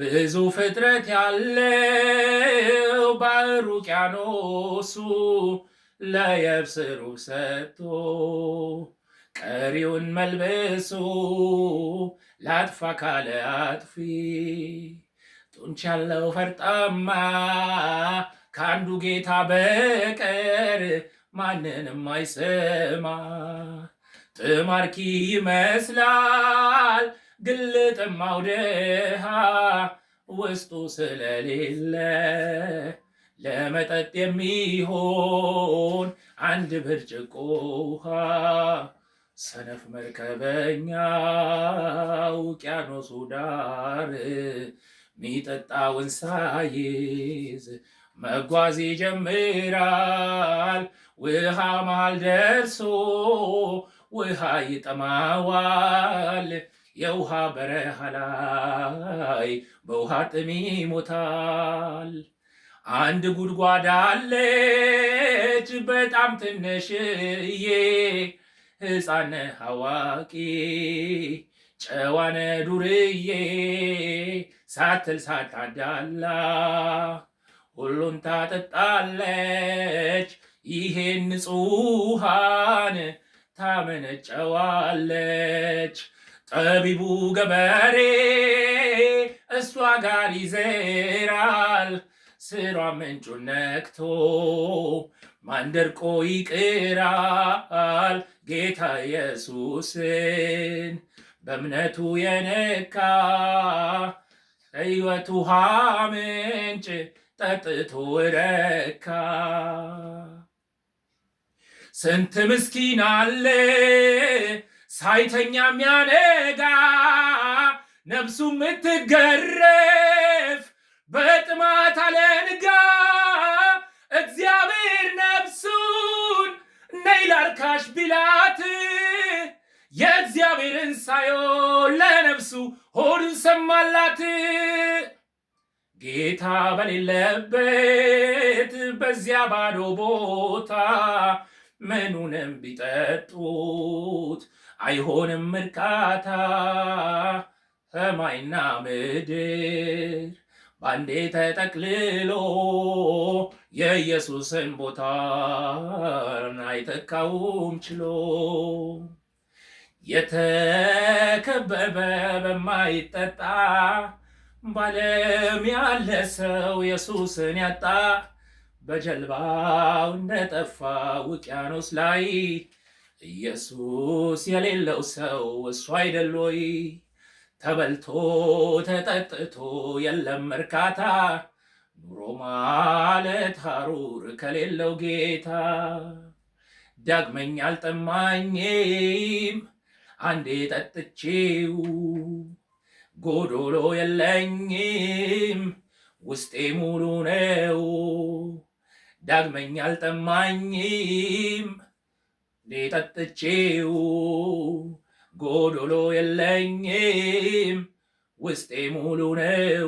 ብዙ ፍጥረት ያለው ባህር ውቅያኖሱ ለየብስ ሰጥቶ ቀሪውን መልበሱ ላጥፋ ካለ አጥፊ ጡንች ያለው ፈርጣማ ከአንዱ ጌታ በቀር ማንንም አይሰማ ጥማርኪ ይመስላል ግልጥም አውድሃ ውስጡ ስለሌለ ለመጠጥ የሚሆን አንድ ብርጭቆ ውሃ ሰነፍ መርከበኛ ውቅያኖሱ ዳር ሚጠጣውን ሳይዝ መጓዝ ይጀምራል። ውሃ መሃል ደርሶ ውሃ ይጠማዋል። የውሃ በረሃ ላይ በውሃ ጥም ይሞታል። አንድ ጉድጓድ አለች በጣም ትንሽዬ፣ ሕፃነ አዋቂ ጨዋነ ዱርዬ ሳትል ሳታዳላ ሁሉን ታጠጣለች። ይሄን ንጹሃን ታመነጨዋለች። ጠቢቡ ገበሬ እሷ ጋር ይዘራል። ስሯ ምንጩን ነክቶ ማን ደርቆ ይቅራል? ጌታ ኢየሱስን በእምነቱ የነካ ሕይወቱ ውሃ ምንጭ ጠጥቶ ረካ። ስንት ምስኪን አለ ሳይተኛ የሚያነጋ ነፍሱ ምትገረፍ በጥማት አለንጋ እግዚአብሔር ነፍሱን ነይ ላርካሽ ቢላት የእግዚአብሔርን ሳዮ ለነፍሱ ሆድን ሰማላት። ጌታ በሌለበት በዚያ ባዶ ቦታ ምኑንም ቢጠጡት አይሆንም እርካታ ሰማይና ምድር ባንዴ ተጠቅልሎ የኢየሱስን ቦታ አይተካውም ችሎ የተከበበ በማይጠጣ ባለም ያለ ሰው ኢየሱስን ያጣ በጀልባው እንደጠፋ ውቅያኖስ ላይ ኢየሱስ የሌለው ሰው እሱ አይደል ወይ? ተበልቶ ተጠጥቶ የለም እርካታ ኑሮ ማለት ሐሩር ከሌለው ጌታ። ዳግመኛ አልጠማኝም አንዴ ጠጥቼው ጎዶሎ የለኝም ውስጤ ሙሉ ነው። ዳግመኛ አልጠማኝም ኔጠጥቼው ጎዶሎ የለኝም ውስጤ ሙሉ ነው።